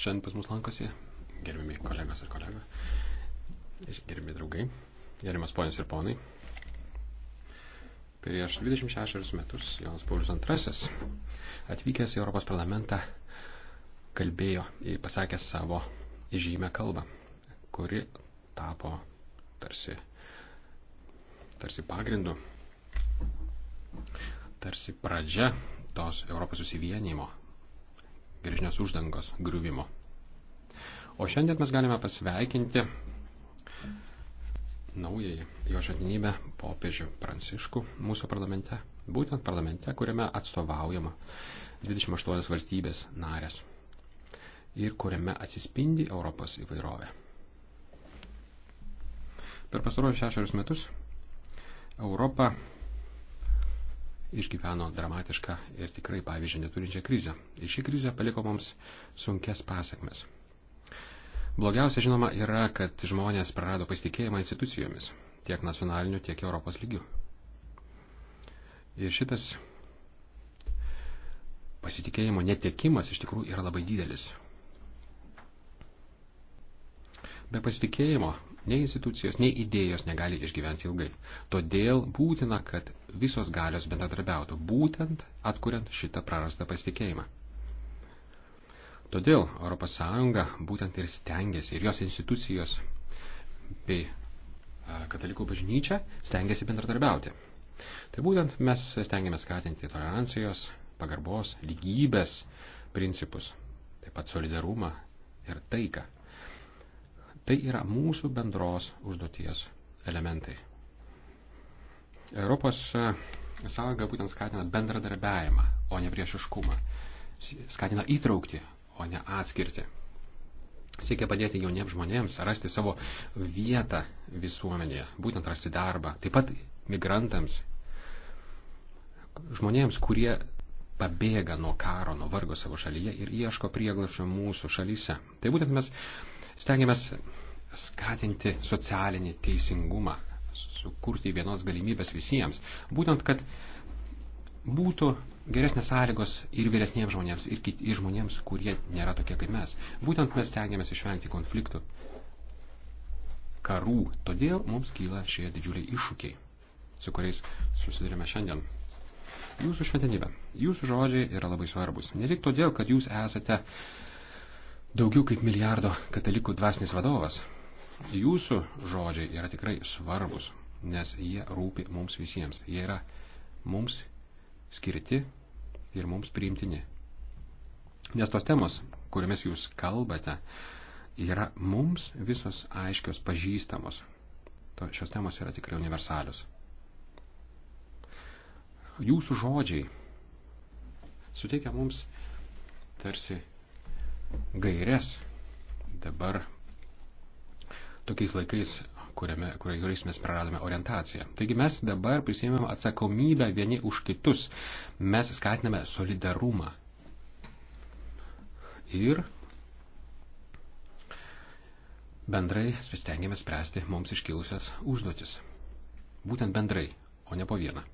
šiandien pas mus lankosi gerbimi kolegos ir kolega, gerbimi draugai, gerbimas ponios ir ponai. Prieš 26 metus Jonas Paulius II atvykęs į Europos parlamentą kalbėjo, pasakė savo įžymę kalbą, kuri tapo tarsi, tarsi pagrindu, tarsi pradžia tos Europos susivienimo geležinės uždangos griuvimo. O šiandien mes galime pasveikinti naująjį jo žadinybę popiežių Pranciškų mūsų parlamente, būtent parlamente, kuriame atstovaujama 28 valstybės narės ir kuriame atsispindi Europos įvairovė. Per pastaruoju šešerius metus Europa išgyveno dramatišką ir tikrai pavyzdžių neturinčią krizę. Ir ši krizė paliko mums sunkes pasiekmes. Blogiausia, žinoma, yra, kad žmonės prarado pasitikėjimą institucijomis, tiek nacionaliniu, tiek Europos lygiu. Ir šitas pasitikėjimo netekimas iš tikrųjų yra labai didelis. Be pasitikėjimo nei institucijos, nei idėjos negali išgyventi ilgai. Todėl būtina, kad visos galios bendradarbiautų, būtent atkuriant šitą prarastą pasitikėjimą. Todėl ES būtent ir stengiasi, ir jos institucijos bei e, katalikų bažnyčia stengiasi bendradarbiauti. Tai būtent mes stengiamės skatinti tolerancijos, pagarbos, lygybės principus, taip pat solidarumą ir taiką. Tai yra mūsų bendros užduoties elementai. Europos e, sąjunga būtent skatina bendradarbiavimą, o ne priešiškumą. Skatina įtraukti, o ne atskirti. Siekia padėti jauniems žmonėms rasti savo vietą visuomenėje, būtent rasti darbą. Taip pat migrantams, žmonėms, kurie pabėga nuo karo, nuo vargo savo šalyje ir ieško prieglašio mūsų šalyse. Tai būtent mes stengiamės skatinti socialinį teisingumą, sukurti vienos galimybės visiems. Būtent, kad būtų geresnės sąlygos ir vyresniems žmonėms, ir, kit, ir žmonėms, kurie nėra tokie kaip mes. Būtent mes tengiamės išvengti konfliktų, karų. Todėl mums kyla šie didžiuliai iššūkiai, su kuriais susidurime šiandien. Jūsų šventinybė, jūsų žodžiai yra labai svarbus. Ne tik todėl, kad jūs esate daugiau kaip milijardo katalikų dvasinis vadovas, Jūsų žodžiai yra tikrai svarbus, nes jie rūpi mums visiems. Jie yra mums skirti ir mums priimtini. Nes tos temos, kuriamis jūs kalbate, yra mums visos aiškios pažįstamos. To, šios temos yra tikrai universalius. Jūsų žodžiai suteikia mums tarsi gairias dabar tokiais laikais, kuriame, kuriais mes praradome orientaciją. Taigi mes dabar prisėmėm atsakomybę vieni už kitus. Mes skatiname solidarumą. Ir bendrai stengiamės spręsti mums iškilusias užduotis. Būtent bendrai, o ne po vieną.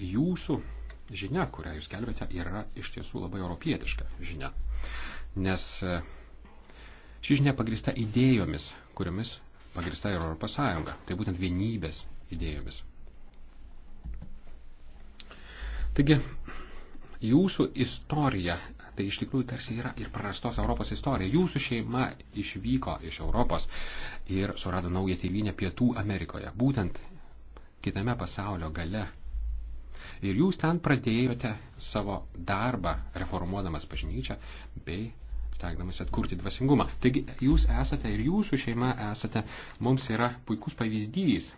Jūsų žinia, kurią jūs kelbėte, yra iš tiesų labai europietiška žinia. Nes Ši žinia pagrista idėjomis, kuriomis pagrista ir Europos Sąjunga, tai būtent vienybės idėjomis. Taigi, jūsų istorija, tai iš tikrųjų tarsi yra ir prarastos Europos istorija. Jūsų šeima išvyko iš Europos ir surado naują tėvynę Pietų Amerikoje, būtent kitame pasaulio gale. Ir jūs ten pradėjote savo darbą reformuodamas bažnyčią bei stengdamas atkurti dvasingumą. Taigi jūs esate ir jūsų šeima esate, mums yra puikus pavyzdys,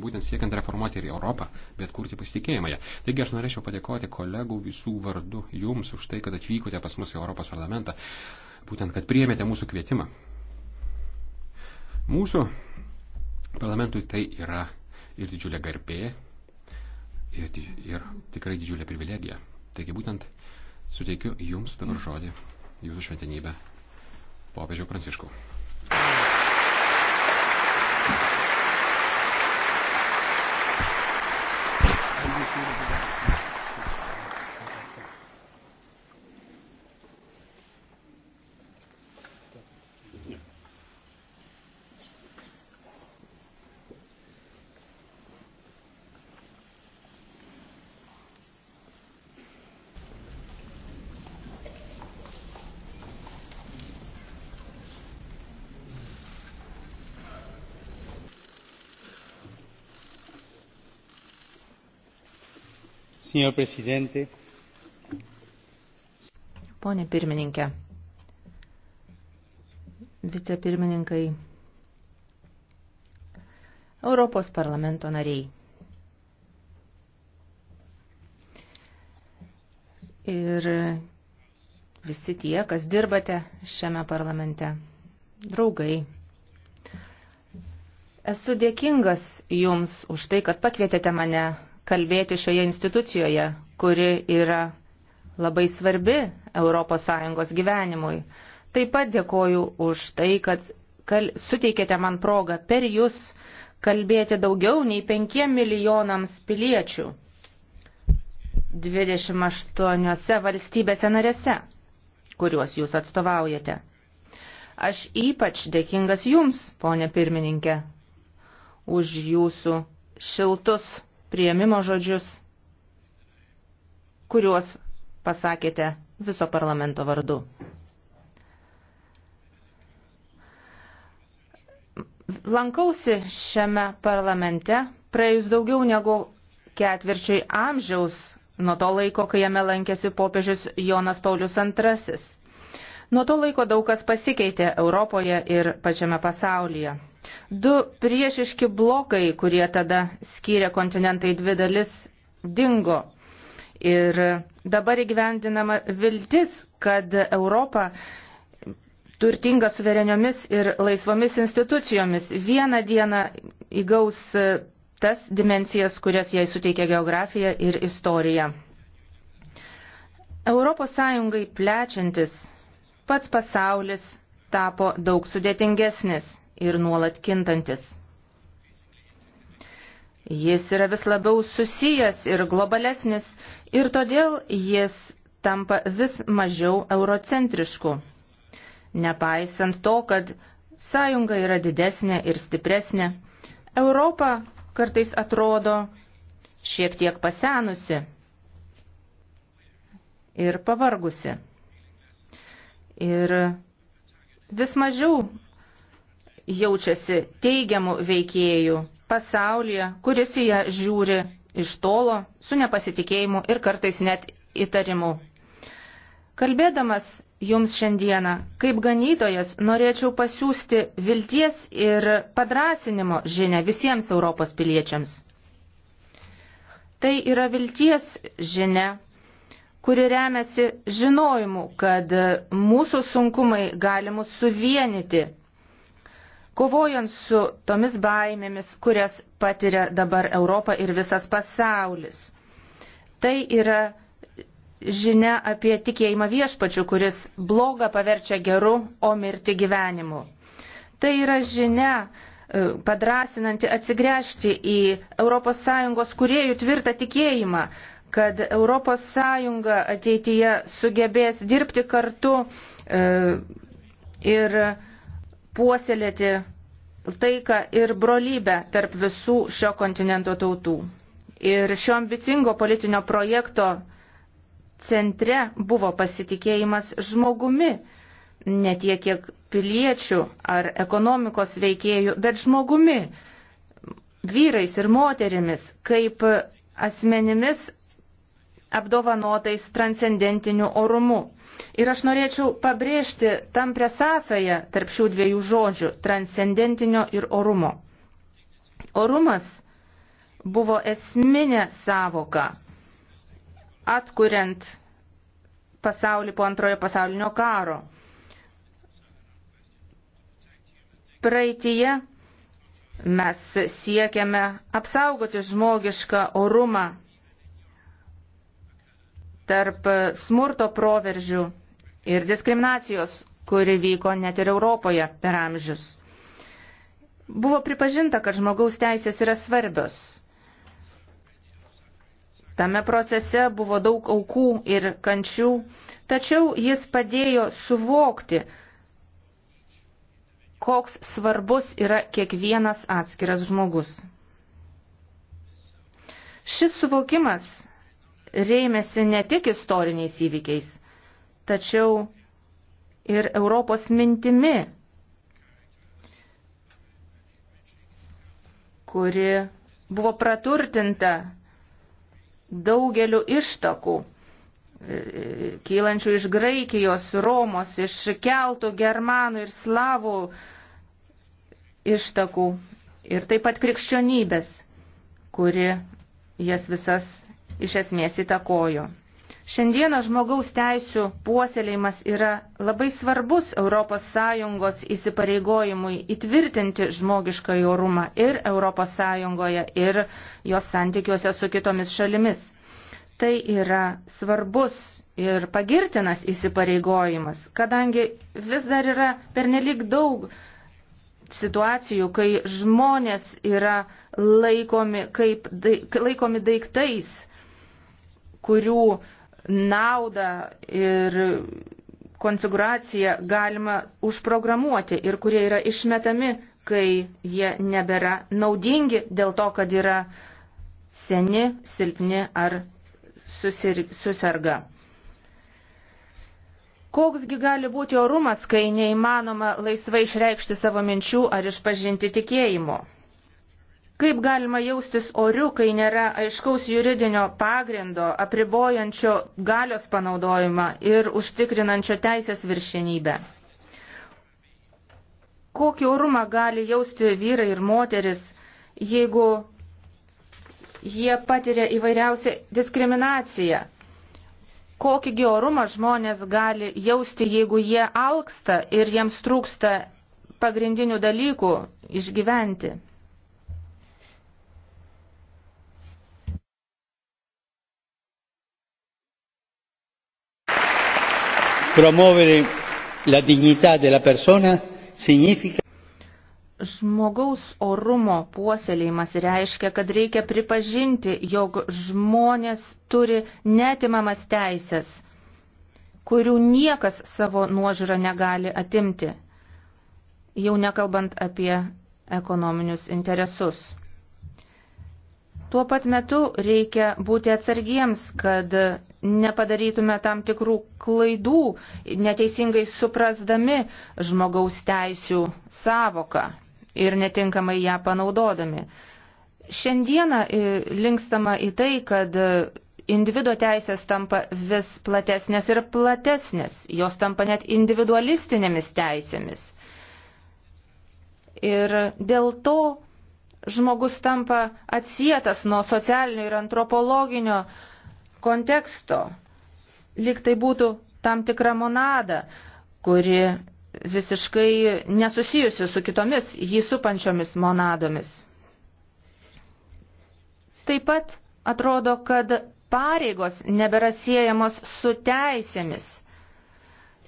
būtent siekiant reformuoti ir Europą, bet kurti pasitikėjimą ją. Taigi aš norėčiau padėkoti kolegų visų vardu jums už tai, kad atvykote pas mus į Europos parlamentą, būtent kad priėmėte mūsų kvietimą. Mūsų parlamentui tai yra ir didžiulė garbė, ir, ir tikrai didžiulė privilegija. Taigi būtent suteikiu jums dabar žodį jūsų šventinybę, popiežių Pranciškų. Thank you. Signor Presidente. Pone pirmininkė, vicepirmininkai, Europos parlamento nariai. Ir visi tie, kas dirbate šiame parlamente, draugai. Esu dėkingas Jums už tai, kad pakvietėte mane kalbėti šioje institucijoje, kuri yra labai svarbi ES gyvenimui. Taip pat dėkoju už tai, kad kal... suteikėte man progą per jūs kalbėti daugiau nei 5 milijonams piliečių 28 valstybėse narėse, kuriuos jūs atstovaujate. Aš ypač dėkingas jums, ponė pirmininkė, už jūsų šiltus prieimimo žodžius, kuriuos pasakėte viso parlamento vardu. Lankausi šiame parlamente praėjus daugiau negu ketvirčiai amžiaus nuo to laiko, kai jame lankėsi popiežius Jonas Paulius II. Nuo to laiko daug kas pasikeitė Europoje ir pačiame pasaulyje. Du priešiški blokai, kurie tada skyrė kontinentai dvi dalis, dingo. Ir dabar įgyvendinama viltis, kad Europa turtinga suvereniomis ir laisvomis institucijomis vieną dieną įgaus tas dimensijas, kurias jai suteikia geografija ir istorija. Europos Sąjungai plečiantis pats pasaulis tapo daug sudėtingesnis ir nuolat kintantis. Jis yra vis labiau susijęs ir globalesnis ir todėl jis tampa vis mažiau eurocentrišku. Nepaisant to, kad sąjunga yra didesnė ir stipresnė, Europa kartais atrodo šiek tiek pasenusi ir pavargusi ir vis mažiau jaučiasi teigiamų veikėjų pasaulyje, kuris į ją žiūri iš tolo, su nepasitikėjimu ir kartais net įtarimu. Kalbėdamas jums šiandieną, kaip ganytojas, norėčiau pasiūsti vilties ir padrasinimo žinę visiems Europos piliečiams. Tai yra vilties žinia kuri remiasi žinojimu, kad mūsų sunkumai gali mus suvienyti, kovojant su tomis baimėmis, kurias patiria dabar Europa ir visas pasaulis. Tai yra žinia apie tikėjimą viešpačių, kuris blogą paverčia geru, o mirti gyvenimu. Tai yra žinia e, padrasinanti atsigręžti į ES kuriejų tvirtą tikėjimą, kad ES ateityje sugebės dirbti kartu e, ir puoselėti taiką ir brolybę tarp visų šio kontinento tautų. Ir šio ambicingo politinio projekto centre buvo pasitikėjimas žmogumi, ne tiek kiek piliečių ar ekonomikos veikėjų, bet žmogumi, vyrais ir moterimis, kaip asmenimis apdovanotais transcendentiniu orumu. Ir aš norėčiau pabrėžti tamprę sąsąją tarp šių dviejų žodžių - transcendentinio ir orumo. Orumas buvo esminė savoka, atkuriant pasaulį po antrojo pasaulinio karo. Praeitie mes siekiame apsaugoti žmogišką orumą tarp smurto proveržių ir diskriminacijos, kuri vyko net ir Europoje per amžius. Buvo pripažinta, kad žmogaus teisės yra svarbios. Tame procese buvo daug aukų ir kančių, tačiau jis padėjo suvokti, koks svarbus yra kiekvienas atskiras žmogus. Šis suvokimas rėmėsi ne tik istoriniais įvykiais, tačiau ir Europos mintimi, kuri buvo praturtinta daugeliu ištakų, kylančių iš Graikijos, Romos, iš keltų, germanų ir slavų ištakų ir taip pat krikščionybės, kuri jas visas iš esmės įtakojo. Šiandieną žmogaus teisų puoselėjimas yra labai svarbus ES įsipareigojimui įtvirtinti žmogišką jorumą ir ES ir jos santykiuose su kitomis šalimis. Tai yra svarbus ir pagirtinas įsipareigojimas, kadangi vis dar yra pernelik daug situacijų, kai žmonės yra laikomi, kaip, laikomi daiktais kurių naudą ir konfiguraciją galima užprogramuoti ir kurie yra išmetami, kai jie nebėra naudingi dėl to, kad yra seni, silpni ar susir, susirga. Koksgi gali būti orumas, kai neįmanoma laisvai išreikšti savo minčių ar išpažinti tikėjimo? Kaip galima jaustis oriu, kai nėra aiškaus juridinio pagrindo, apribojančio galios panaudojimą ir užtikrinančio teisės viršinybę? Kokį orumą gali jausti vyrai ir moteris, jeigu jie patiria įvairiausią diskriminaciją? Kokį georumą žmonės gali jausti, jeigu jie alksta ir jiems trūksta pagrindinių dalykų išgyventi? Promuovere la dignità della persona significa. Žmogaus orumo puoselėjimas reiškia, kad reikia pripažinti, jog žmonės turi netimamas teisės, kurių niekas savo nuožiūrą negali atimti, jau nekalbant apie ekonominius interesus. Tuo pat metu reikia būti atsargiems, kad nepadarytume tam tikrų klaidų, neteisingai suprasdami žmogaus teisių savoką ir netinkamai ją panaudodami. Šiandieną e, linkstama į tai, kad e, individuo teisės tampa vis platesnės ir platesnės, jos tampa net individualistinėmis teisėmis. Ir dėl to žmogus tampa atsietas nuo socialinio ir antropologinio uh, konteksto, lyg tai būtų tam tikra monada, kuri visiškai nesusijusi su kitomis jį supančiomis monadomis. Taip pat atrodo, kad pareigos nebėra siejamos su teisėmis.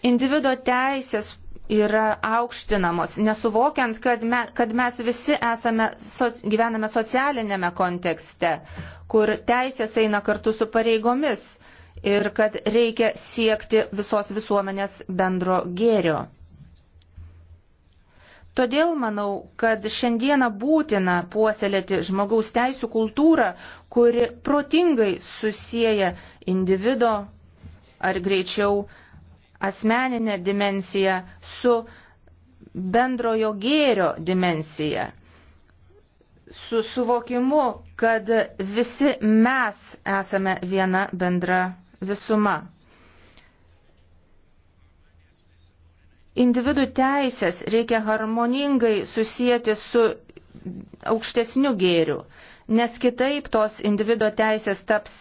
Individo teisės yra aukštinamos, nesuvokiant, kad, me, kad mes visi esame, so, gyvename socialinėme kontekste, kur teisės eina kartu su pareigomis ir kad reikia siekti visos visuomenės bendro gėrio. Todėl manau, kad šiandieną būtina puoselėti žmogaus teisų kultūrą, kuri protingai susiję individo ar greičiau asmeninę dimensiją su bendrojo gėrio dimensija, su suvokimu, kad visi mes esame viena bendra visuma. Individų teisės reikia harmoningai susijęti su aukštesniu gėriu, nes kitaip tos individo teisės taps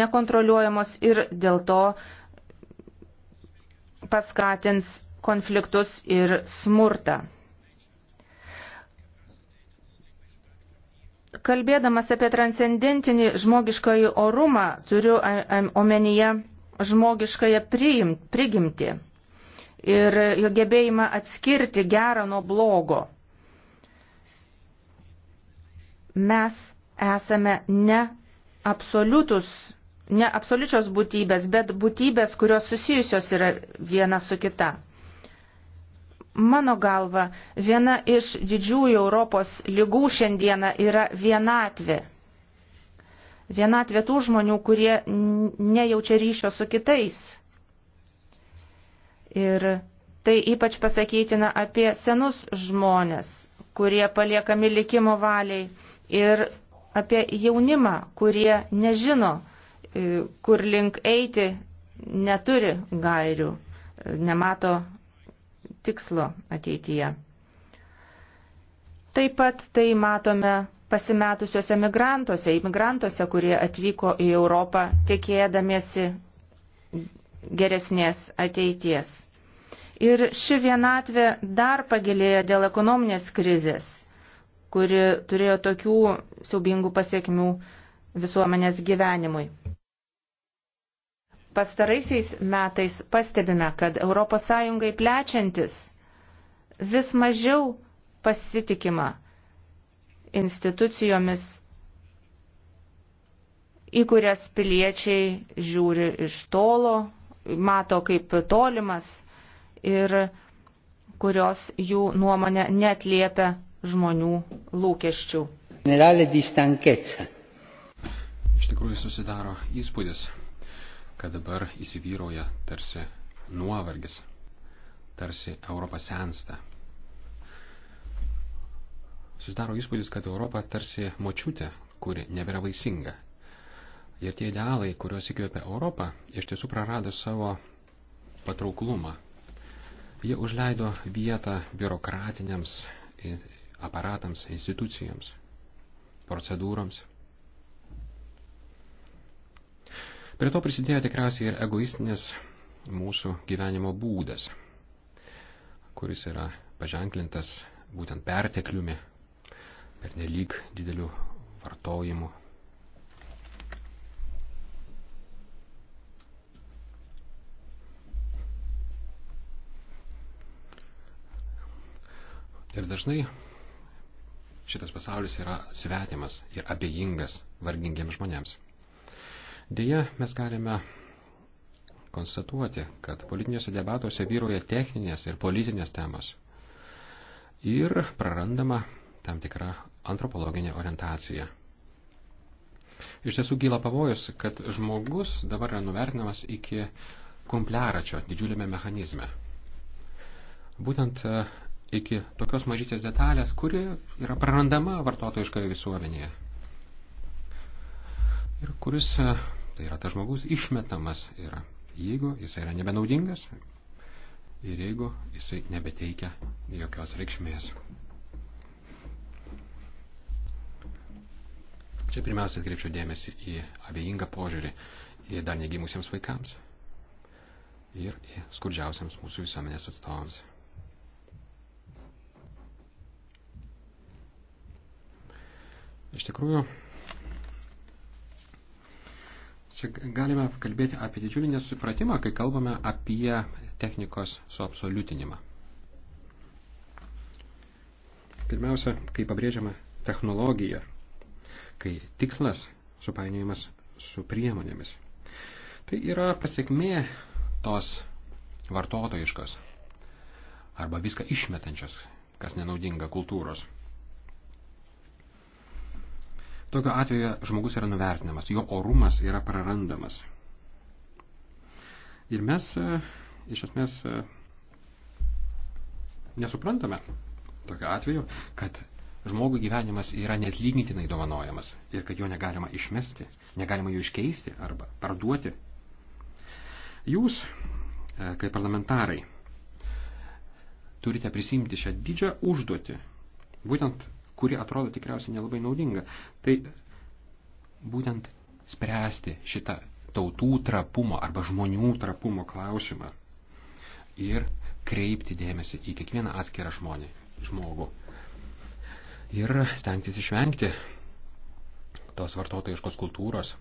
nekontroliuojamos ir dėl to paskatins konfliktus ir smurtą. Kalbėdamas apie transcendentinį žmogiškąjį orumą, turiu omenyje žmogiškąją prigimtį ir jo gebėjimą atskirti gerą nuo blogo. Mes esame ne absoliutus ne absoliučios būtybės, bet būtybės, kurios susijusios yra viena su kita. Mano galva, viena iš didžiųjų Europos lygų šiandieną yra vienatvė. Vienatvė tų žmonių, kurie nejaučia ryšio su kitais. Ir tai ypač pasakytina apie senus žmonės, kurie paliekami likimo valiai ir apie jaunimą, kurie nežino, E, kur link eiti, neturi gairių, e, nemato tikslo ateityje. Taip pat tai matome pasimetusiuose migrantuose, imigrantuose, kurie atvyko į Europą tikėdamiesi geresnės ateities. Ir ši vienatvė dar pagilėjo dėl ekonominės krizės, kuri turėjo tokių siaubingų pasiekmių visuomenės gyvenimui. Pastaraisiais metais pastebime, kad ES plečiantis vis mažiau pasitikima institucijomis, į kurias piliečiai žiūri iš tolo, mato kaip tolimas ir kurios jų nuomonė netliepia žmonių lūkesčių. Iš tikrųjų susidaro įspūdis, kad dabar įsivyroja tarsi nuovargis, tarsi Europa sensta. Susidaro įspūdis, kad Europa tarsi močiutė, kuri nebėra vaisinga. Ir tie idealai, kuriuos įkvėpia Europą, iš tiesų prarado savo patrauklumą. Jie užleido vietą biurokratiniams aparatams, institucijams, procedūroms Prie to prisidėjo tikriausiai ir egoistinis mūsų gyvenimo būdas, kuris yra paženklintas būtent pertekliumi, per nelik dideliu vartojimu. Ir dažnai šitas pasaulis yra svetimas ir abejingas vargingiems žmonėms. Deja, mes galime konstatuoti, kad politiniuose debatuose vyroja techninės ir politinės temos. Ir prarandama tam tikra antropologinė orientacija. Iš tiesų gyla pavojus, kad žmogus dabar yra nuvertinamas iki kumpliaračio didžiuliame mechanizme. Būtent e, iki tokios mažytės detalės, kuri yra prarandama vartotojiškoje visuomenėje. Ir kuris e, Tai yra tas žmogus išmetamas yra. Jeigu jis yra nebenaudingas ir jeigu jisai nebeteikia jokios reikšmės. Čia pirmiausia atkreipčiau dėmesį į abejingą požiūrį į dar negimusiems vaikams ir į skurdžiausiams mūsų visuomenės atstovams. Iš tikrųjų, Čia galime kalbėti apie didžiulį nesupratimą, kai kalbame apie technikos suabsoliutinimą. Pirmiausia, kai pabrėžiama technologija, kai tikslas supainiojimas su priemonėmis. Tai yra pasiekmė tos vartotojiškos arba viską išmetančios, kas nenaudinga kultūros. Tokiu atveju žmogus yra nuvertinamas, jo orumas yra prarandamas. Ir mes e, iš esmės e, nesuprantame tokiu atveju, kad žmogų gyvenimas yra netlygintinai dovanojamas ir kad jo negalima išmesti, negalima jų iškeisti arba parduoti. Jūs, e, kaip parlamentarai, turite prisimti šią didžią užduotį, būtent kuri atrodo tikriausiai nelabai naudinga. Tai būtent spręsti šitą tautų trapumo arba žmonių trapumo klausimą ir kreipti dėmesį į kiekvieną atskirą žmonį, žmogų. Ir stengtis išvengti tos vartotojiškos kultūros.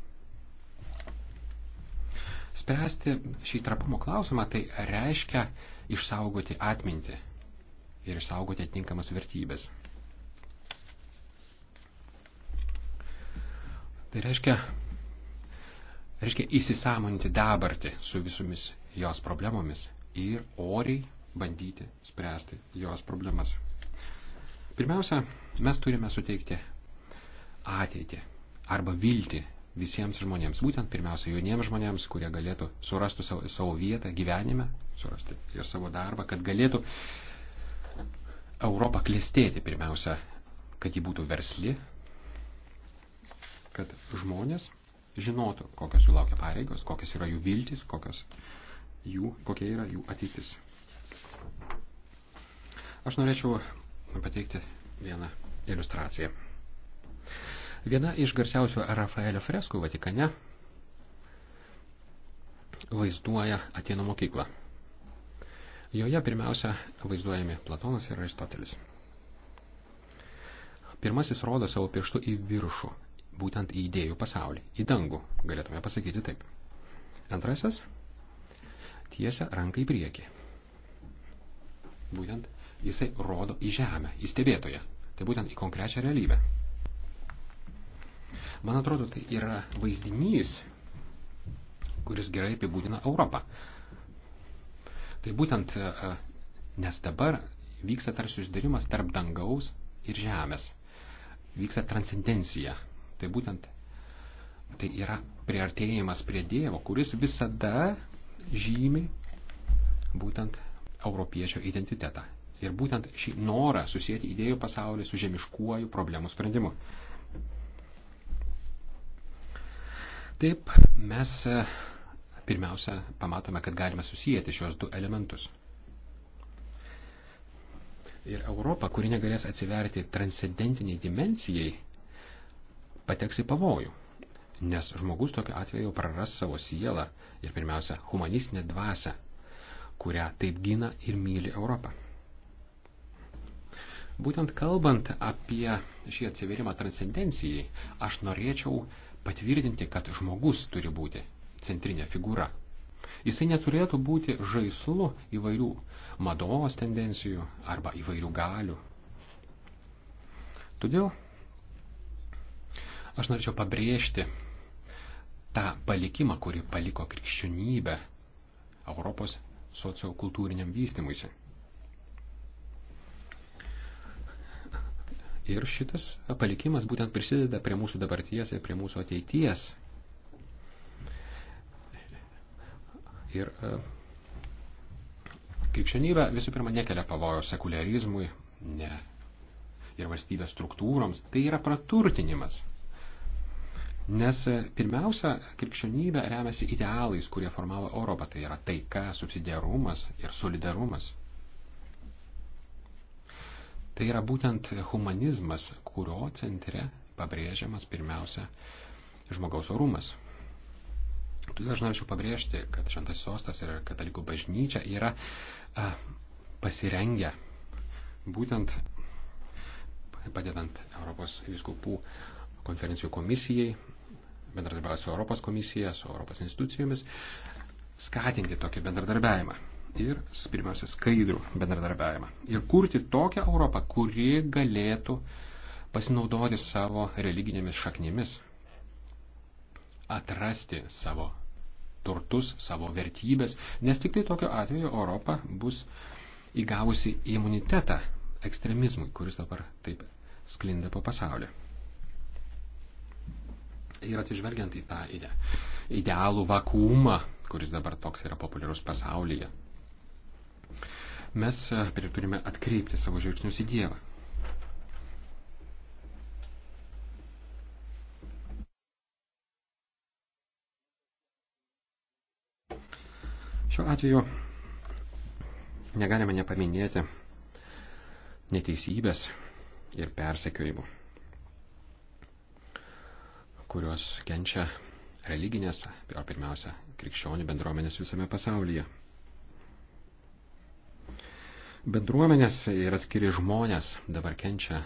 Spręsti šį trapumo klausimą tai reiškia išsaugoti atmintį ir išsaugoti atitinkamas vertybės. Tai reiškia, reiškia įsisamonti dabartį su visomis jos problemomis ir oriai bandyti spręsti jos problemas. Pirmiausia, mes turime suteikti ateitį arba viltį visiems žmonėms, būtent pirmiausia jauniems žmonėms, kurie galėtų surastų savo, savo vietą gyvenime, surasti ir savo darbą, kad galėtų Europą klestėti pirmiausia, kad ji būtų versli, kad žmonės žinotų, kokios jų laukia pareigos, kokios yra jų viltis, kokios jų, kokia yra jų ateitis. Aš norėčiau pateikti vieną iliustraciją. Viena iš garsiausių Rafaelio freskų Vatikane vaizduoja Atėnų mokyklą. Joje pirmiausia vaizduojami Platonas ir Aristotelis. Pirmasis rodo savo pirštu į viršų būtent į idėjų pasaulį, į dangų, galėtume pasakyti taip. Antrasis - tiesia ranką į priekį. Būtent jisai rodo į žemę, į stebėtoją, tai būtent į konkrečią realybę. Man atrodo, tai yra vaizdinys, kuris gerai apibūdina Europą. Tai būtent, e, nes dabar vyksta tarsi susidarimas tarp dangaus ir žemės. Vyksta transcendencija Tai būtent tai yra priartėjimas prie Dievo, kuris visada žymi būtent europiečio identitetą. Ir būtent šį norą susijęti idėjų pasaulį su žemiškuoju problemų sprendimu. Taip mes e, pirmiausia pamatome, kad galime susijęti šios du elementus. Ir Europa, kuri negalės atsiverti transcendentiniai dimencijai, pateks į pavojų, nes žmogus tokiu atveju praras savo sielą ir pirmiausia humanistinę dvasę, kurią taip gina ir myli Europą. Būtent kalbant apie šį atsiverimą transcendencijai, aš norėčiau patvirtinti, kad žmogus turi būti centrinė figūra. Jisai neturėtų būti žaislu įvairių mados tendencijų arba įvairių galių. Todėl Aš norėčiau pabrėžti tą palikimą, kurį paliko krikščionybė Europos sociokultūriniam vystimuisi. Ir šitas palikimas būtent prisideda prie mūsų dabarties ir prie mūsų ateities. Ir e, krikščionybė visų pirma nekelia pavojo sekularizmui ne, ir valstybės struktūroms. Tai yra praturtinimas. Nes e, pirmiausia, krikščionybė remiasi idealais, kurie formavo Europą. Tai yra taika, subsidiarumas ir solidarumas. Tai yra būtent humanizmas, kurio centre pabrėžiamas pirmiausia žmogaus orumas. Todėl aš norėčiau pabrėžti, kad Šventas Sostas ir Katalikų bažnyčia yra a, e, pasirengę būtent padedant Europos viskupų konferencijų komisijai bendradarbiauti su Europos komisija, su Europos institucijomis, skatinti tokį bendradarbiavimą ir, pirmiausia, skaidrų bendradarbiavimą. Ir kurti tokią Europą, kuri galėtų pasinaudoti savo religinėmis šaknimis, atrasti savo turtus, savo vertybės, nes tik tai tokiu atveju Europa bus įgavusi imunitetą ekstremizmui, kuris dabar taip sklinda po pasaulį. Ir atsižvelgiant į tą ide, idealų vakumą, kuris dabar toks yra populiarus pasaulyje, mes e, turime atkreipti savo žvilgsnius į Dievą. Šiuo atveju negalime nepaminėti neteisybės ir persekiojimų kurios kenčia religinės, o pirmiausia, krikščionių bendruomenės visame pasaulyje. Bendruomenės ir atskiri žmonės dabar kenčia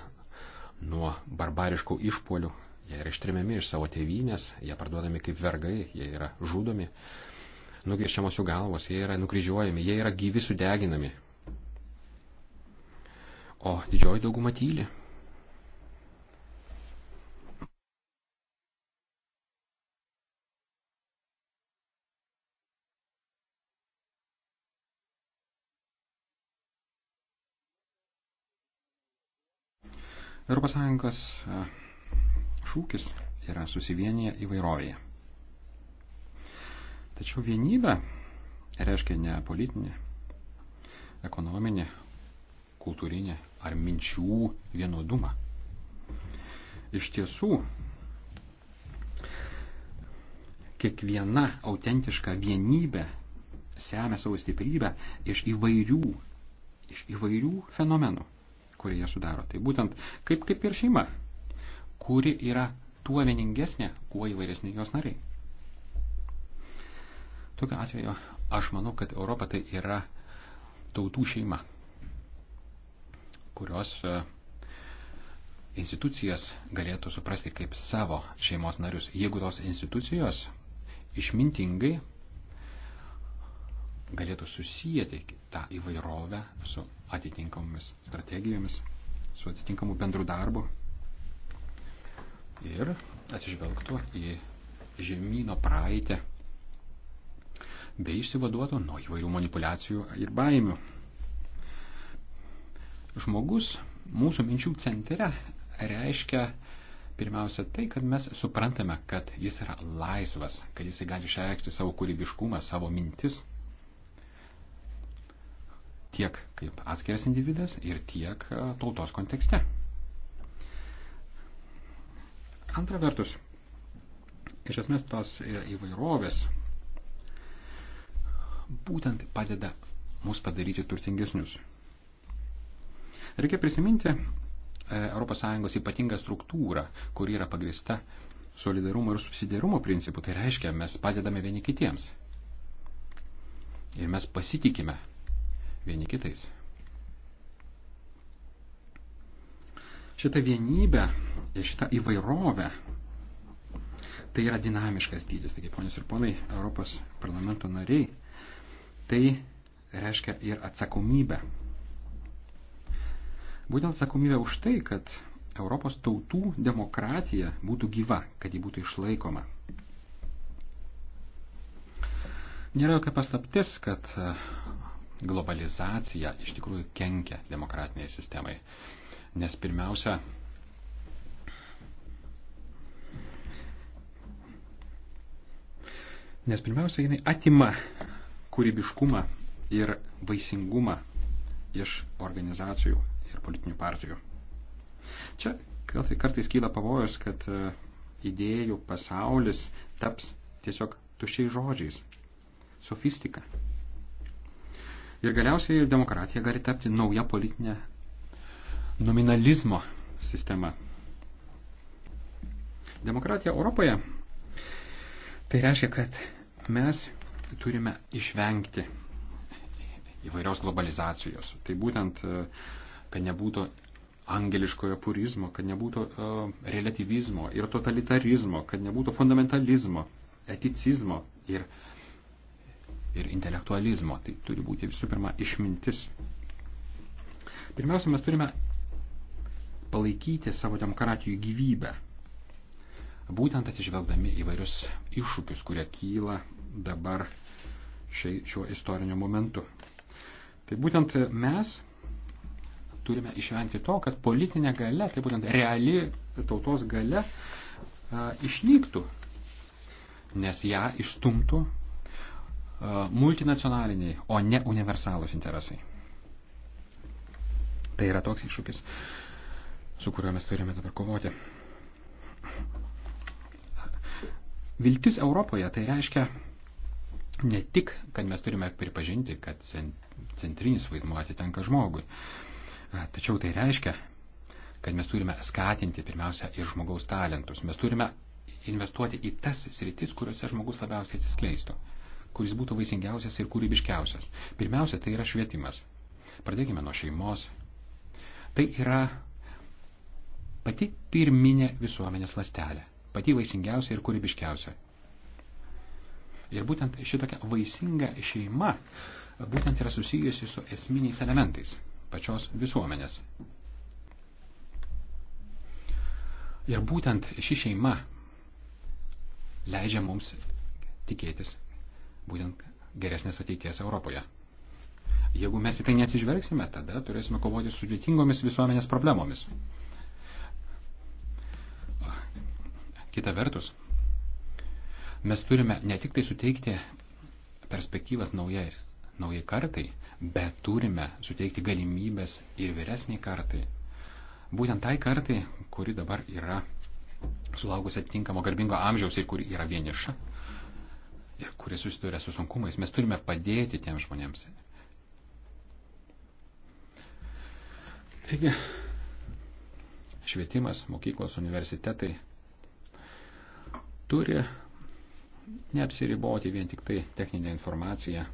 nuo barbariškų išpolių, jie yra ištrimiami iš savo tėvynės, jie parduodami kaip vergai, jie yra žudomi, nugirčiamos jų galvos, jie yra nukryžiuojami, jie yra gyvi sudeginami. O didžioji dauguma tyli. ES e, šūkis yra susivienyje įvairovėje. Tačiau vienybė reiškia ne politinė, ekonominė, kultūrinė ar minčių vienodumą. Iš tiesų, kiekviena autentiška vienybė semia savo stiprybę iš įvairių, iš įvairių fenomenų kurį jie sudaro. Tai būtent kaip, kaip ir šeima, kuri yra tuo vieningesnė, kuo įvairesni jos nariai. Tokiu atveju aš manau, kad Europa tai yra tautų šeima, kurios e, institucijas galėtų suprasti kaip savo šeimos narius. Jeigu tos institucijos išmintingai galėtų susijęti tą įvairovę su atitinkamomis strategijomis, su atitinkamu bendru darbu ir atsižvelgtų į žemynų praeitį bei išsivaduotų nuo įvairių manipulacijų ir baimių. Žmogus mūsų minčių centre reiškia pirmiausia tai, kad mes suprantame, kad jis yra laisvas, kad jis gali išreikšti savo kūrybiškumą, savo mintis tiek kaip atskiras individas ir tiek e, tautos kontekste. Antra vertus, iš esmės tos e, įvairovės būtent padeda mus padaryti turtingesnius. Reikia prisiminti ES ypatingą struktūrą, kuri yra pagrista solidarumo ir susidėrumo principu. Tai reiškia, mes padedame vieni kitiems. Ir mes pasitikime vieni kitais. Šitą vienybę ir šitą įvairovę tai yra dinamiškas dydis. Taigi, ponios ir ponai, Europos parlamento nariai, tai reiškia ir atsakomybę. Būtent atsakomybė už tai, kad Europos tautų demokratija būtų gyva, kad ji būtų išlaikoma. Nėra jokia paslaptis, kad globalizacija iš tikrųjų kenkia demokratiniai sistemai. Nes pirmiausia, nes pirmiausia, jinai atima kūrybiškumą ir vaisingumą iš organizacijų ir politinių partijų. Čia tai kartais kyla pavojus, kad e, idėjų pasaulis taps tiesiog tušiai žodžiais. Sofistika. Ir galiausiai demokratija gali tapti nauja politinė nominalizmo sistema. Demokratija Europoje tai reiškia, kad mes turime išvengti įvairios globalizacijos. Tai būtent, e, kad nebūtų angeliškojo purizmo, kad nebūtų uh, e, relativizmo ir totalitarizmo, kad nebūtų fundamentalizmo, eticizmo ir uh, ir intelektualizmo. Tai turi būti visų pirma išmintis. Pirmiausia, mes turime palaikyti savo demokratijų gyvybę. Būtent atsižvelgdami įvairius iššūkius, kurie kyla dabar šiai, šiuo istoriniu momentu. Tai būtent mes turime išvengti to, kad politinė gale, tai būtent reali tautos gale, a, išnyktų, nes ją išstumtų E, multinacionaliniai, o ne universalūs interesai. Tai yra toks iššūkis, su kuriuo mes turime dabar kovoti. Viltis Europoje tai reiškia ne tik, kad mes turime pripažinti, kad centrinis vaidmuo atitenka žmogui, e, tačiau tai reiškia, kad mes turime skatinti pirmiausia ir žmogaus talentus. Mes turime investuoti į tas sritis, kuriuose žmogus labiausiai atsiskleistų kuris būtų vaisingiausias ir kūrybiškiausias. Pirmiausia, tai yra švietimas. Pradėkime nuo šeimos. Tai yra pati pirminė visuomenės lastelė, pati vaisingiausia ir kūrybiškiausia. Ir būtent šitokia vaisinga šeima būtent yra susijusi su esminiais elementais pačios visuomenės. Ir būtent ši šeima leidžia mums tikėtis būtent geresnės ateities Europoje. Jeigu mes į tai neatsižvelgsime, tada turėsime kovoti su sudėtingomis visuomenės problemomis. Kita vertus, mes turime ne tik tai suteikti perspektyvas naujai, naujai kartai, bet turime suteikti galimybės ir vyresniai kartai. Būtent tai kartai, kuri dabar yra sulaukusi atitinkamo garbingo amžiaus ir kuri yra vieniša, kurie susiduria su sunkumais. Mes turime padėti tiem žmonėms. Taigi, švietimas, mokyklos, universitetai turi neapsiriboti vien tik tai techninę informaciją,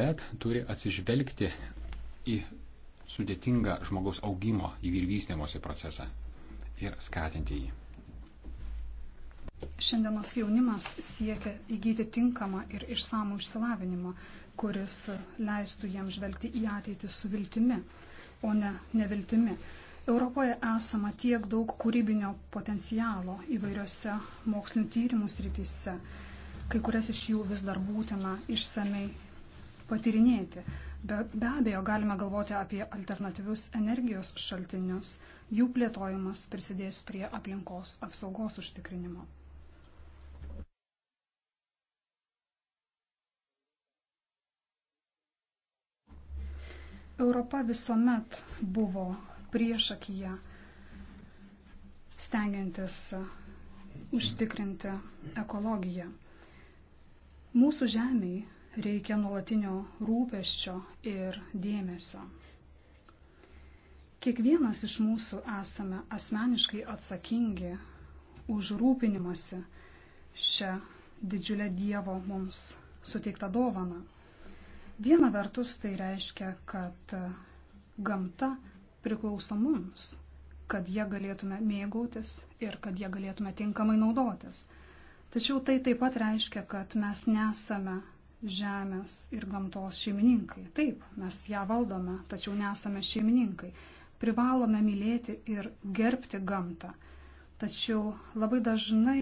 bet turi atsižvelgti į sudėtingą žmogaus augimo, į vyrvystymosi procesą ir skatinti jį. Šiandienos jaunimas siekia įgyti tinkamą ir išsamų išsilavinimą, kuris leistų jam žvelgti į ateitį su viltimi, o ne neviltimi. Europoje esama tiek daug kūrybinio potencialo įvairiose mokslinių tyrimų srityse, kai kurias iš jų vis dar būtina išsamei patyrinėti. Be, be abejo, galime galvoti apie alternatyvius energijos šaltinius, jų plėtojimas prisidės prie aplinkos apsaugos užtikrinimo. Europa visuomet buvo priešakyje, stengiantis užtikrinti ekologiją. Mūsų žemiai reikia nuolatinio rūpeščio ir dėmesio. Kiekvienas iš mūsų esame asmeniškai atsakingi už rūpinimąsi šią didžiulę Dievo mums suteiktą dovaną. Viena vertus tai reiškia, kad gamta priklauso mums, kad jie galėtume mėgautis ir kad jie galėtume tinkamai naudotis. Tačiau tai taip pat reiškia, kad mes nesame žemės ir gamtos šeimininkai. Taip, mes ją valdome, tačiau nesame šeimininkai. Privalome mylėti ir gerbti gamtą. Tačiau labai dažnai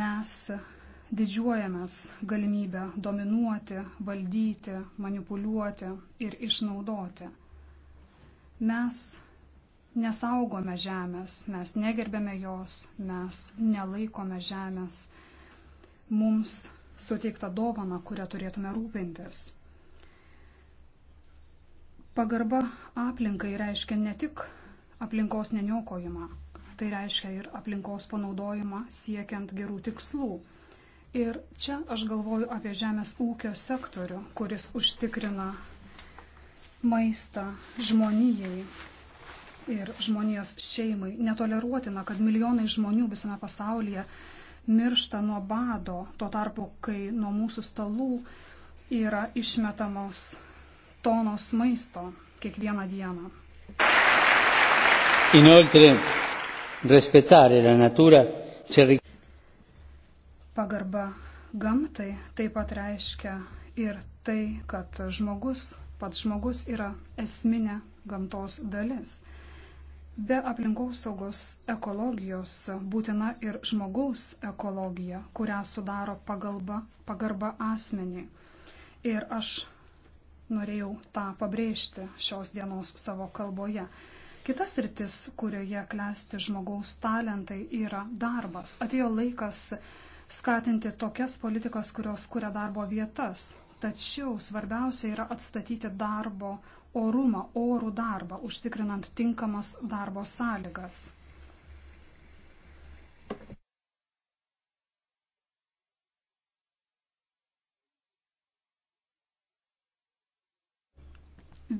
mes didžiuojamės galimybę dominuoti, valdyti, manipuliuoti ir išnaudoti. Mes nesaugome žemės, mes negerbėme jos, mes nelaikome žemės mums suteikta dovana, kurią turėtume rūpintis. Pagarba aplinkai reiškia ne tik aplinkos neniokojimą, tai reiškia ir aplinkos panaudojimą siekiant gerų tikslų. Ir čia aš galvoju apie žemės ūkio sektorių, kuris užtikrina maistą žmonijai ir žmonijos šeimai. Netoleruotina, kad milijonai žmonių visame pasaulyje miršta nuo bado, tuo tarpu, kai nuo mūsų stalų yra išmetamos tonos maisto kiekvieną dieną. Inoltre, rispettare la natura ci Pagarba gamtai taip pat reiškia ir tai, kad žmogus, pats žmogus yra esminė gamtos dalis. Be aplinkosaugos ekologijos būtina ir žmogaus ekologija, kurią sudaro pagalba, pagarba asmeniai. Ir aš norėjau tą pabrėžti šios dienos savo kalboje. Kitas rytis, kurioje klesti žmogaus talentai, yra darbas. Atėjo laikas skatinti tokias politikas, kurios kuria darbo vietas. Tačiau svarbiausia yra atstatyti darbo orumą, orų darbą, užtikrinant tinkamas darbo sąlygas.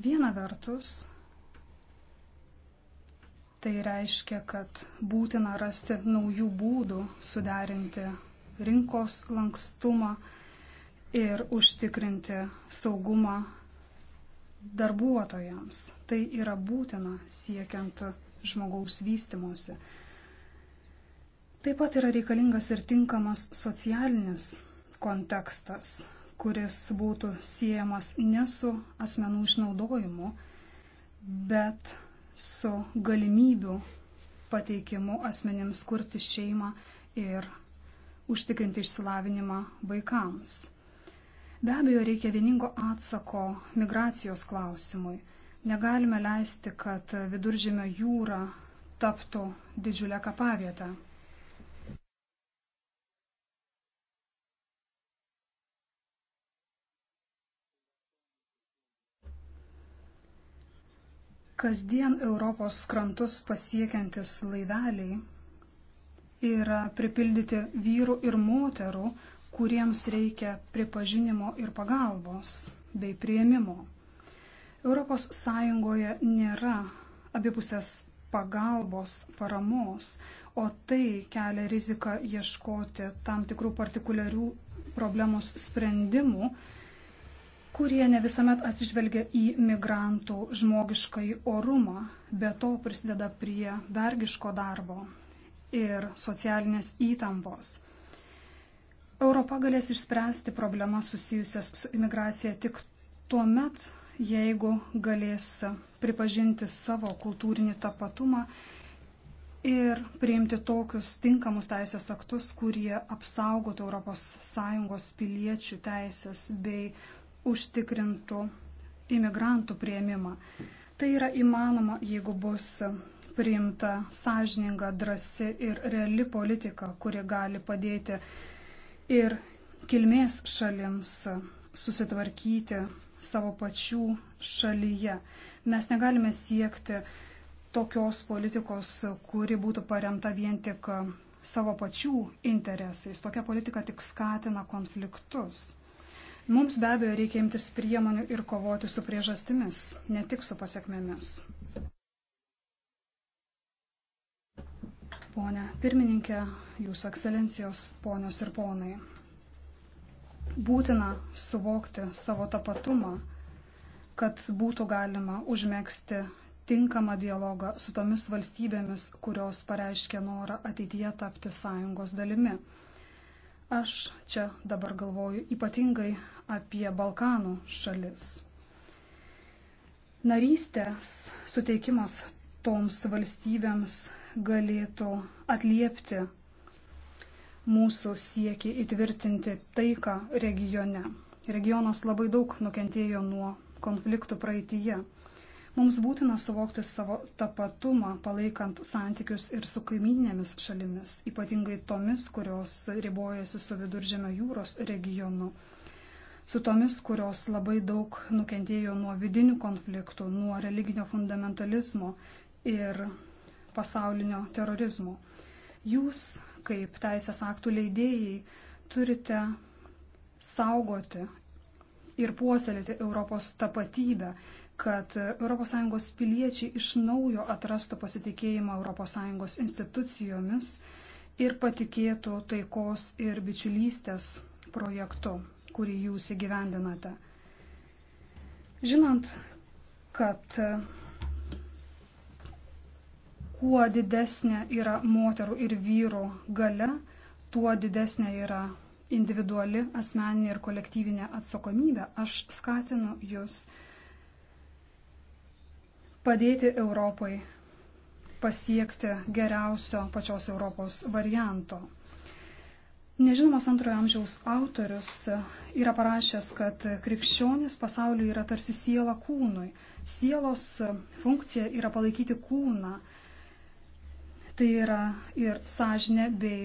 Viena vertus, tai reiškia, kad būtina rasti naujų būdų suderinti rinkos lankstumą ir užtikrinti saugumą darbuotojams. Tai yra būtina siekiant žmogaus vystimuose. Taip pat yra reikalingas ir tinkamas socialinis kontekstas, kuris būtų siejamas ne su asmenų išnaudojimu, bet su galimybių pateikimu asmenims kurti šeimą ir užtikrinti išsilavinimą vaikams. Be abejo, reikia vieningo atsako migracijos klausimui. Negalime leisti, kad viduržėmio jūra taptų didžiulę kapavietę. Kasdien Europos krantus pasiekiantis laiveliai yra pripildyti vyrų ir moterų, kuriems reikia pripažinimo ir pagalbos bei prieimimo. Europos Sąjungoje nėra abipusės pagalbos, paramos, o tai kelia riziką ieškoti tam tikrų partikuliarių problemos sprendimų, kurie ne visuomet atsižvelgia į migrantų žmogiškai orumą, be to prisideda prie vergiško darbo, ir socialinės įtampos. Europa galės išspręsti problemas susijusias su imigracija tik tuo met, jeigu galės pripažinti savo kultūrinį tapatumą ir priimti tokius tinkamus teisės aktus, kurie apsaugotų ES piliečių teisės bei užtikrintų imigrantų prieimimą. Tai yra įmanoma, jeigu bus priimta sąžininga, drasi ir reali politika, kuri gali padėti ir kilmės šalims susitvarkyti savo pačių šalyje. Mes negalime siekti tokios politikos, kuri būtų paremta vien tik savo pačių interesais. Tokia politika tik skatina konfliktus. Mums be abejo reikia imtis priemonių ir kovoti su priežastimis, ne tik su pasiekmėmis. ponė pirmininkė, jūsų ekscelencijos, ponios ir ponai. Būtina suvokti savo tapatumą, kad būtų galima užmėgsti tinkamą dialogą su tomis valstybėmis, kurios pareiškė norą ateityje tapti sąjungos dalimi. Aš čia dabar galvoju ypatingai apie Balkanų šalis. Narystės suteikimas toms valstybėms galėtų atliepti mūsų siekį įtvirtinti taiką regione. Regionas labai daug nukentėjo nuo konfliktų praeitįje. Mums būtina suvokti savo tapatumą, palaikant santykius ir su kaiminėmis šalimis, ypatingai tomis, kurios ribojasi su viduržėmio jūros regionu, su tomis, kurios labai daug nukentėjo nuo vidinių konfliktų, nuo religinio fundamentalizmo ir pasaulinio terorizmo. Jūs, kaip teisės aktų leidėjai, turite saugoti ir puoselėti Europos tapatybę, kad ES piliečiai iš naujo atrastų pasitikėjimą ES institucijomis ir patikėtų taikos ir bičiulystės projektu, kurį jūs įgyvendinate. Žinant, kad kuo didesnė yra moterų ir vyrų gale, tuo didesnė yra individuali asmeninė ir kolektyvinė atsakomybė. Aš skatinu jūs padėti Europai pasiekti geriausio pačios Europos varianto. Nežinomas antrojo amžiaus autorius yra parašęs, kad krikščionis pasauliu yra tarsi siela kūnui. Sielos funkcija yra palaikyti kūną Tai yra ir sąžinė bei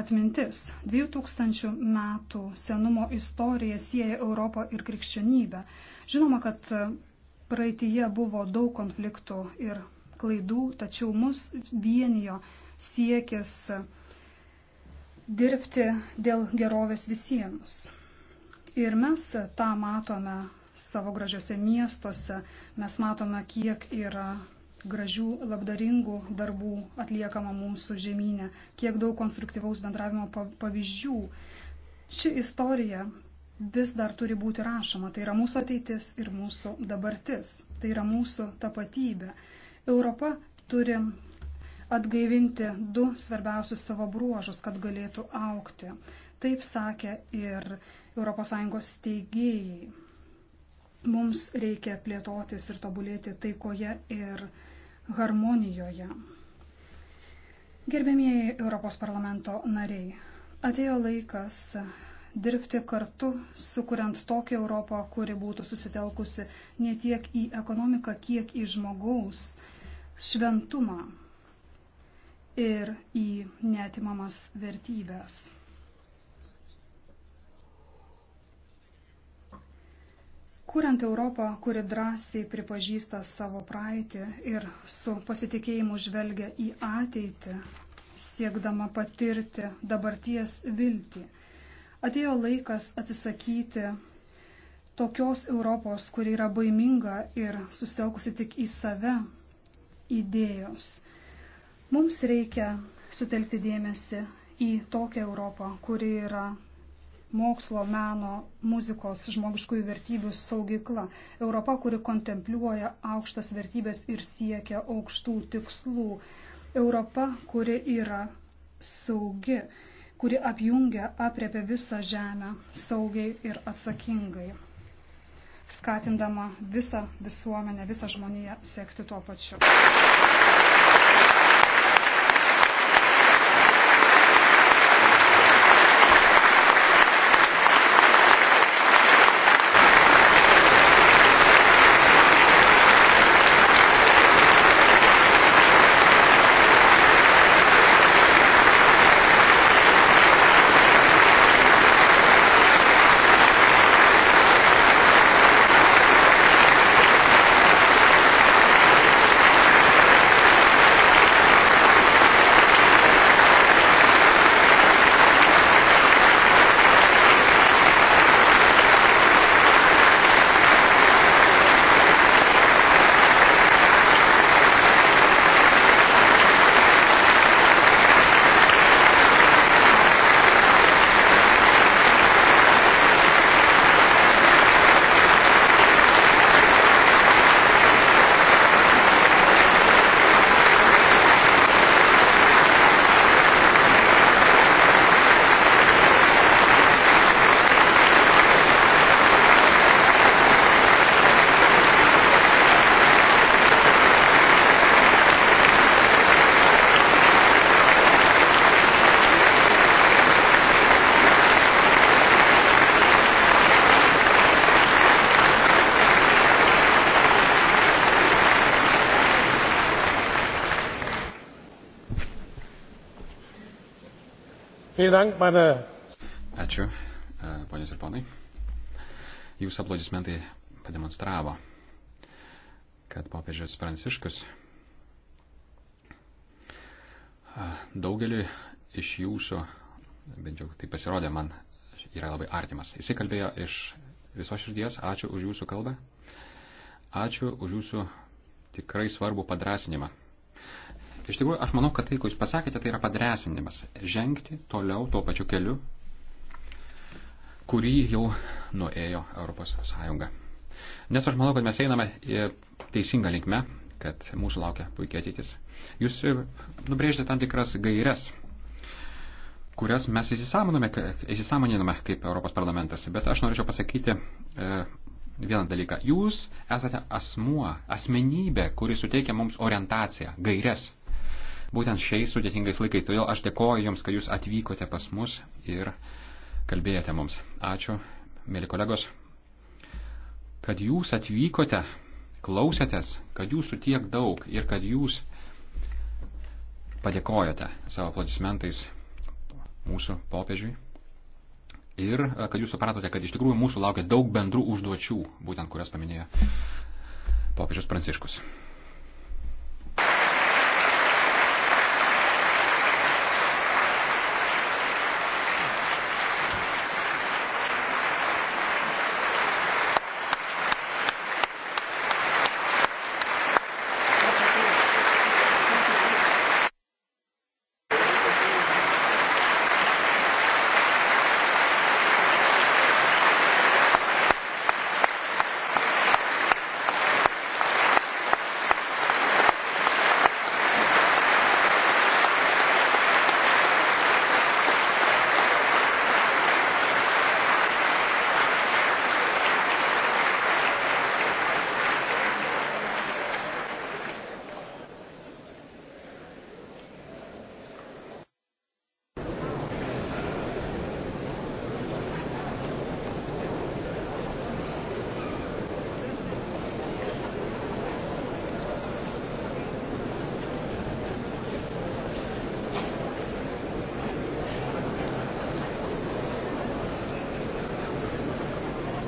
atmintis. 2000 metų senumo istorija sieja Europą ir krikščionybę. Žinoma, kad praeitie buvo daug konfliktų ir klaidų, tačiau mus vienijo siekis dirbti dėl gerovės visiems. Ir mes tą matome savo gražiose miestuose, mes matome, kiek yra gražių labdaringų darbų atliekama mūsų žemynė, kiek daug konstruktyvaus bendravimo pavyzdžių. Ši istorija vis dar turi būti rašoma. Tai yra mūsų ateitis ir mūsų dabartis. Tai yra mūsų tapatybė. Europa turi atgaivinti du svarbiausius savo bruožus, kad galėtų aukti. Taip sakė ir ES steigėjai. Mums reikia plėtotis ir tobulėti taikoje ir harmonijoje. Gerbėmieji Europos parlamento nariai, atėjo laikas dirbti kartu, sukuriant tokią Europą, kuri būtų susitelkusi ne tiek į ekonomiką, kiek į žmogaus šventumą ir į netimamas vertybės. Kuriant Europą, kuri drąsiai pripažįsta savo praeitį ir su pasitikėjimu žvelgia į ateitį, siekdama patirti dabarties viltį, atėjo laikas atsisakyti tokios Europos, kuri yra baiminga ir sustelkusi tik į save idėjos. Mums reikia sutelkti dėmesį į tokią Europą, kuri yra mokslo, meno, muzikos, žmogiškųjų vertybių saugykla. Europa, kuri kontempliuoja aukštas vertybės ir siekia aukštų tikslų. Europa, kuri yra saugi, kuri apjungia, apriepia visą žemę saugiai ir atsakingai, skatindama visą visuomenę, visą žmoniją sekti tuo pačiu. Ačiū, e, ponios ir ponai. Jūsų aplaudismentai pademonstravo, kad popiežius Pranciškus e, daugeliu iš jūsų, bent jau tai pasirodė man, yra labai artimas. Jisai kalbėjo iš viso širdies, ačiū už jūsų kalbą, ačiū už jūsų tikrai svarbų padrasinimą. Iš tikrųjų, aš manau, kad tai, ko jūs pasakėte, tai yra padresinimas žengti toliau tuo pačiu keliu, kurį jau nuėjo Europos Sąjunga. Nes aš manau, kad mes einame teisinga linkme, kad mūsų laukia puikiai ateitis. Jūs e, nubrėžėte tam tikras gairias, kurias mes įsisamoniname kaip Europos parlamentas. Bet aš norėčiau pasakyti e, vieną dalyką. Jūs esate asmuo, asmenybė, kuri suteikia mums orientaciją, gairias būtent šiais sudėtingais laikais. Todėl aš dėkoju Jums, kad Jūs atvykote pas mus ir kalbėjote mums. Ačiū, mėly kolegos, kad Jūs atvykote, klausėtės, kad Jūsų tiek daug ir kad Jūs padėkojote savo aplodismentais mūsų popiežiui. Ir e, kad jūs supratote, kad iš tikrųjų mūsų laukia daug bendrų užduočių, būtent kurias paminėjo popiežius Pranciškus.